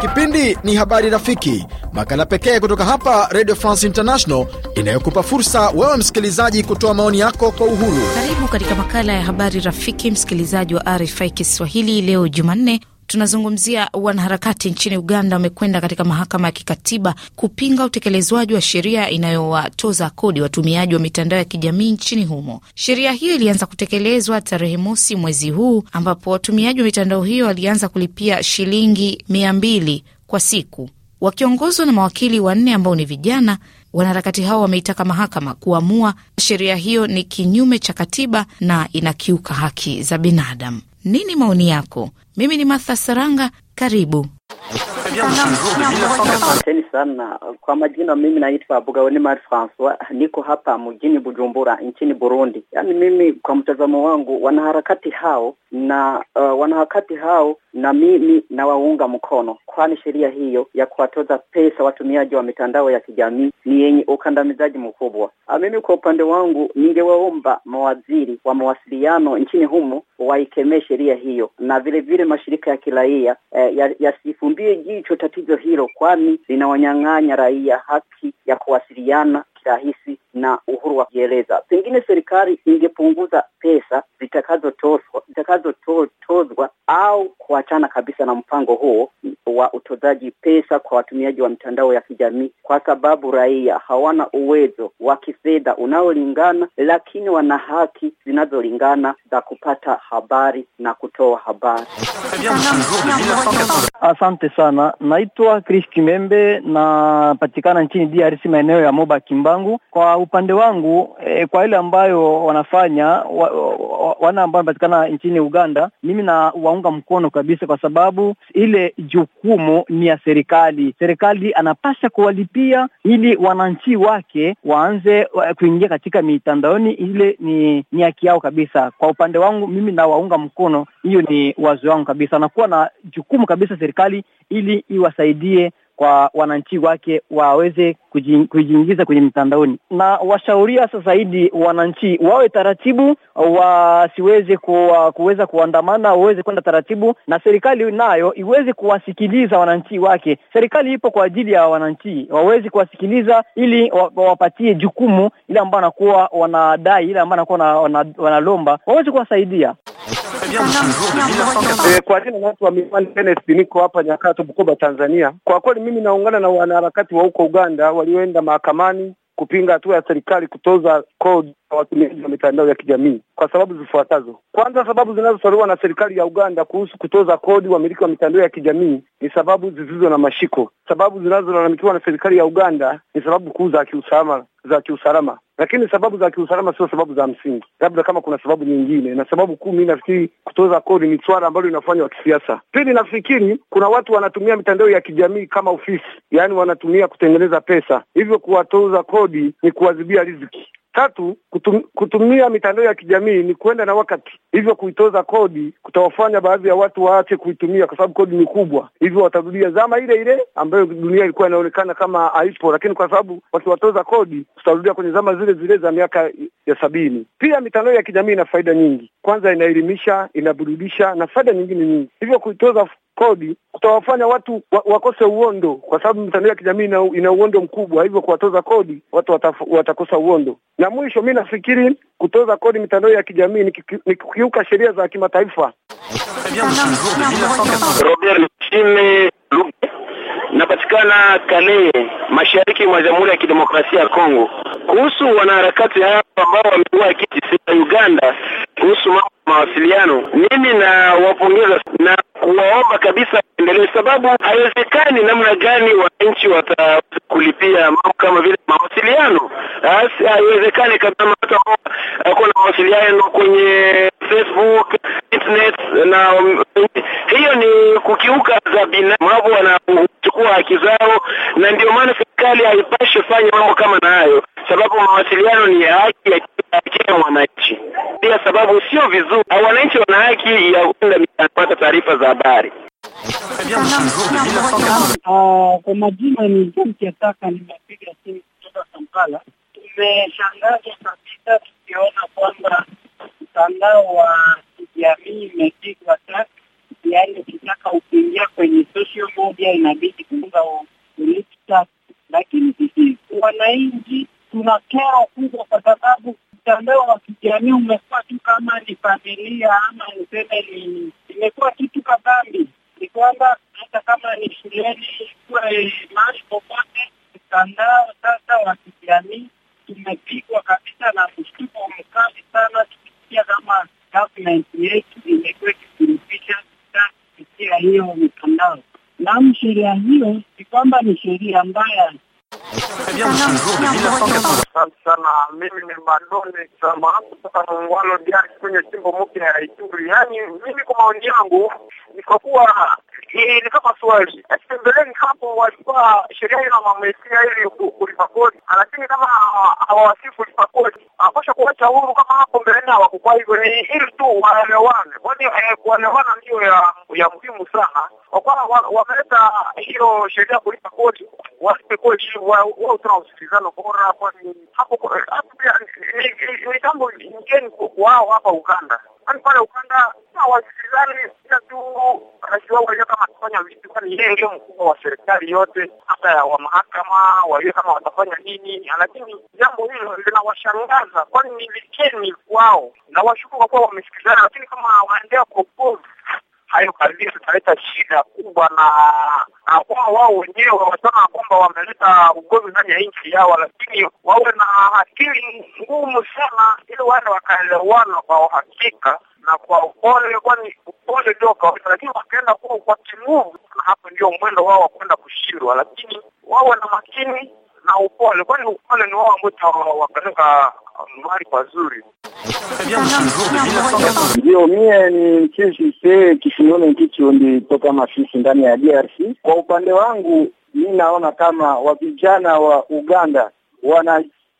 Kipindi ni Habari Rafiki, makala pekee kutoka hapa Radio France International inayokupa fursa wewe msikilizaji kutoa maoni yako kwa uhuru. Karibu katika makala ya Habari Rafiki, msikilizaji wa RFI Kiswahili. Leo Jumanne Tunazungumzia wanaharakati nchini Uganda wamekwenda katika mahakama ya kikatiba kupinga utekelezwaji wa sheria inayowatoza kodi watumiaji wa mitandao ya kijamii nchini humo. Sheria hiyo ilianza kutekelezwa tarehe mosi mwezi huu, ambapo watumiaji wa mitandao hiyo walianza kulipia shilingi mia mbili kwa siku. Wakiongozwa na mawakili wanne ambao ni vijana, wanaharakati hao wameitaka mahakama kuamua sheria hiyo ni kinyume cha katiba na inakiuka haki za binadamu. Nini maoni yako? Mimi ni Martha Saranga, karibu. Asanteni sana kwa majina, mimi naitwa Bugaoni Mari Francois, niko hapa mjini Bujumbura nchini Burundi. Yaani mimi kwa mtazamo wangu, wanaharakati hao na uh, wanaharakati hao na mimi nawaunga mkono, kwani sheria hiyo ya kuwatoza pesa watumiaji wa mitandao ya kijamii ni yenye ukandamizaji mkubwa. Ah, mimi kwa upande wangu, ningewaomba mawaziri wa mawasiliano nchini humo waikemee sheria hiyo, na vilevile vile mashirika ya kiraia eh, yasifumbie ya jicho tatizo hilo, kwani linawanyang'anya raia haki ya kuwasiliana kirahisi na uhuru wa kujieleza. Pengine serikali ingepunguza pesa zitakazotozwa au kuachana kabisa na mpango huo wa utozaji pesa kwa watumiaji wa mitandao ya kijamii, kwa sababu raia hawana uwezo wa kifedha unaolingana, lakini wana haki zinazolingana za kupata habari na kutoa habari. Asante sana, naitwa Chris Kimembe, napatikana nchini DRC maeneo ya Moba Kimbangu. Kwa upande wangu e, kwa ile ambayo wanafanya wa, wa, wana ambao wanapatikana nchini Uganda, mimi na waunga mkono kabisa, kwa sababu ile juku humo ni ya serikali. Serikali anapasha kuwalipia ili wananchi wake waanze eh, kuingia katika mitandaoni, ile ni ni haki yao kabisa. Kwa upande wangu mimi nawaunga mkono, hiyo ni wazo wangu kabisa, anakuwa na jukumu kabisa serikali ili iwasaidie kwa wananchi wake waweze kujiingiza kwenye mitandaoni, na washauria hasa zaidi wananchi wawe taratibu, wasiweze kuweza kuandamana, waweze kwenda taratibu, na serikali nayo iweze kuwasikiliza wananchi wake. Serikali ipo kwa ajili ya wananchi, waweze kuwasikiliza ili wawapatie jukumu ile ambayo wanakuwa wanadai, ile ambayo wanakuwa wanalomba, waweze kuwasaidia kwa eh, kwa jina wa Mimani Kenneth, niko hapa Nyakato, Bukoba, Tanzania. Kwa kweli mimi naungana na wanaharakati wa huko Uganda walioenda mahakamani kupinga hatua ya serikali kutoza kodi ya watumiaji wa mitandao ya kijamii kwa sababu zifuatazo. Kwanza, sababu zinazotolewa na serikali ya Uganda kuhusu kutoza kodi wamiliki wa mitandao ya kijamii ni sababu zisizo na mashiko. Sababu zinazolalamikiwa na serikali ya Uganda ni sababu kuu za kiusalama za kiusalama, lakini sababu za kiusalama sio sababu za msingi, labda kama kuna sababu nyingine. Na sababu kuu, mi nafikiri kutoza kodi ni swala ambalo linafanywa kisiasa. Pili, nafikiri kuna watu wanatumia mitandao ya kijamii kama ofisi, yaani wanatumia kutengeneza pesa, hivyo kuwatoza kodi ni kuwazibia riziki. Tatu, kutum, kutumia mitandao ya kijamii ni kuenda na wakati, hivyo kuitoza kodi kutawafanya baadhi ya watu waache kuitumia kwa sababu kodi ni kubwa, hivyo watarudia zama ile ile ambayo dunia ilikuwa inaonekana kama haipo, lakini kwa sababu wakiwatoza kodi tutarudia kwenye zama zile zile za miaka ya sabini. Pia mitandao ya kijamii ina faida nyingi, kwanza inaelimisha, inaburudisha na faida nyingine nyingi, hivyo kuitoza kodi kutawafanya watu wa, wakose uondo, kwa sababu mitandao ya kijamii ina, ina uondo mkubwa, hivyo kuwatoza kodi watu watafu, watakosa uondo. Na mwisho, mi nafikiri kutoza kodi mitandao ya kijamii ni kukiuka sheria za kimataifa. Robert Chime napatikana Kalehe, mashariki mwa Jamhuri ya Kidemokrasia ya Kongo. Kuhusu wanaharakati hao ambao wamekuwa kiti Uganda kuhusu mambo mawasiliano, mimi nawapongeza na kuwaomba kabisa waendelee, sababu haiwezekani namna gani wananchi wataweza kulipia mambo kama vile mawasiliano. Haiwezekani kama watu ambao wako na mawasiliano kwenye Facebook, internet na um, hiyo ni kukiuka za binadamu, wanachukua haki zao, na ndio maana serikali haipashi fanya mambo kama na hayo sababu mawasiliano ni ya haki ya kila mwananchi. Pia sababu sio vizuri, wananchi wana haki ya kwenda kupata taarifa za habari. Ah, kwa majina ni Jomkiataka, nimepiga simu kutoka Kampala. Tumeshangazwa kabisa tukiona kwamba mtandao wa kijamii imepigwa taka, yaani ukitaka ukiingia kwenye social media inabidi kuunga ulipa, lakini sisi wananchi tuna kero kubwa, kwa sababu mtandao wa kijamii umekuwa tu kama ni familia ama niseme ni imekuwa kitu kadhambi. Ni kwamba hata kama ni shuleni, kuwa mahali popote, mtandao sasa wa kijamii tumepigwa kabisa na mshtuko mkali sana, tukisikia kama government yetu imekuwa ikiturupisha kupitia hiyo mitandao. Naam, sheria hiyo ni kwamba ni sheria mbaya Asante sana. Mimi ni Madoni Samahamu kutoka Mungwalo Diari kwenye jimbo mpya ya Ituri. Yaani mimi kwa maoni yangu ni kuwa hii ni kama swali mbeleni hapo walikuwa sheria hiyo wametia ili kulipa kodi, lakini kama hawawasifu lipa kodi akosha kuacha huru kama hapo mbeleni hawakukua hivyo. Ni hili tu waelewane, kwani eh, kuelewana ndiyo ya ya muhimu sana, kwa kuwa wameleta hiyo sheria kulipa kodi, walipe kodi wao, tuna usikilizano bora, kwani hapo hapo pia ni jambo ngeni kwao hapa Uganda, kwani pale Uganda kama wasikilizani ila tu rais wao walio kama atafanya vitu, kwani yeye ndio mkubwa wa serikali yote, hata wa mahakama walio kama watafanya nini. Lakini jambo hilo linawashangaza, kwani ni vikeni kwao, na kwa kuwa wamesikilizana, lakini kama waendea propose hayo kabisa italeta shida kubwa, na kwamba wao wenyewe wataona kwamba wameleta ugomvi ndani ya nchi yao, lakini wawe na akili ngumu sana, ili wale wakaelewana kwa uhakika na kwa upole, kwani upole ndio kawaida, lakini wakaenda kuwa kwa kimuvu, na hapo ndio mwendo wao wa kwenda kushindwa. Lakini wao wana makini na upole, kwani upole ni wao ambao wakaweka um, mahali pazuri. Ndio, mie ni mchishise Kishilone Kicho toka Masisi ndani ya DRC. Kwa upande wangu mi naona kama wa vijana wa Uganda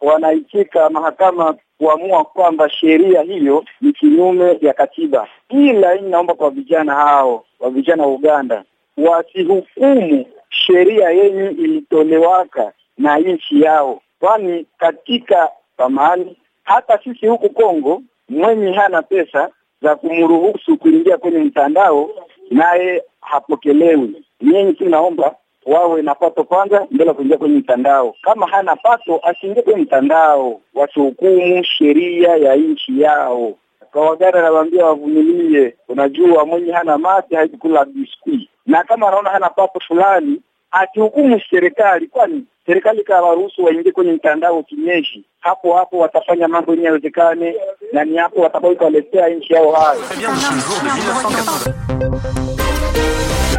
wanaitika mahakama kuamua kwamba sheria hiyo ni kinyume ya katiba. Ila naomba kwa vijana hao wa vijana wa Uganda wasihukumu sheria yenye ilitolewaka na nchi yao, kwani katika pamahali hata sisi huku Kongo, mwenye hana pesa za kumruhusu kuingia kwenye mtandao naye hapokelewi. Nyinyi tunaomba wawe na pato kwanza mbele ya kuingia kwenye mtandao Kama hana pato, asiingie kwenye mtandao watuhukumu sheria ya nchi yao. Kwa Wagara anawaambia wavumilie, unajua mwenye hana mate hawezi kula biskuti, na kama anaona hana pato fulani akihukumu serikali, kwani serikali kawaruhusu waingie kwenye mtandao kinyeshi, hapo hapo watafanya mambo yenye yawezekane, na ni hapo kuwaletea nchi yao hayo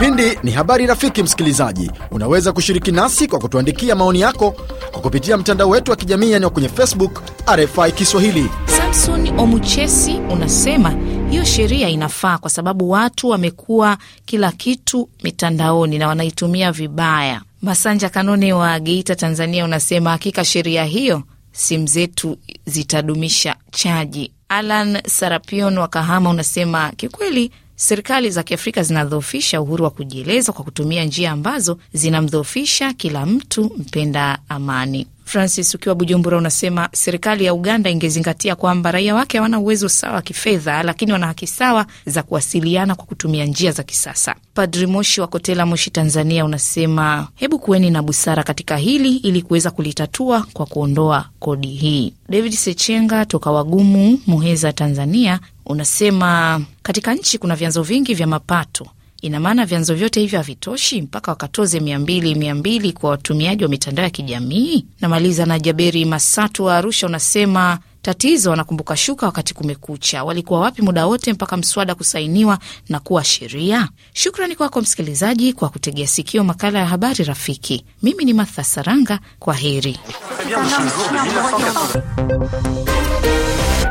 Kipindi ni habari rafiki. Msikilizaji, unaweza kushiriki nasi kwa kutuandikia maoni yako kwa kupitia mtandao wetu wa kijamii yani kwenye Facebook RFI Kiswahili. Samson Omuchesi unasema hiyo sheria inafaa kwa sababu watu wamekuwa kila kitu mitandaoni na wanaitumia vibaya. Masanja Kanone wa Geita, Tanzania unasema hakika sheria hiyo simu zetu zitadumisha chaji. Alan Sarapion wa Kahama unasema kikweli serikali za Kiafrika zinadhoofisha uhuru wa kujieleza kwa kutumia njia ambazo zinamdhoofisha kila mtu mpenda amani. Francis, ukiwa Bujumbura, unasema serikali ya Uganda ingezingatia kwamba raia wake hawana uwezo sawa wa kifedha, lakini wana haki sawa za kuwasiliana kwa kutumia njia za kisasa. Padri Moshi wa Kotela, Moshi, Tanzania, unasema hebu kuweni na busara katika hili ili kuweza kulitatua kwa kuondoa kodi hii. David Sechenga toka Wagumu, Muheza, Tanzania, Unasema katika nchi kuna vyanzo vingi vya mapato, ina maana vyanzo vyote hivyo havitoshi mpaka wakatoze mia mbili mia mbili kwa watumiaji wa mitandao ya kijamii. Namaliza na Jaberi Masatu wa Arusha, unasema tatizo wanakumbuka shuka wakati kumekucha. Walikuwa wapi muda wote mpaka mswada kusainiwa na kuwa sheria? Shukrani kwako msikilizaji kwa kutegea sikio makala ya habari rafiki. Mimi ni matha Saranga, kwa heri.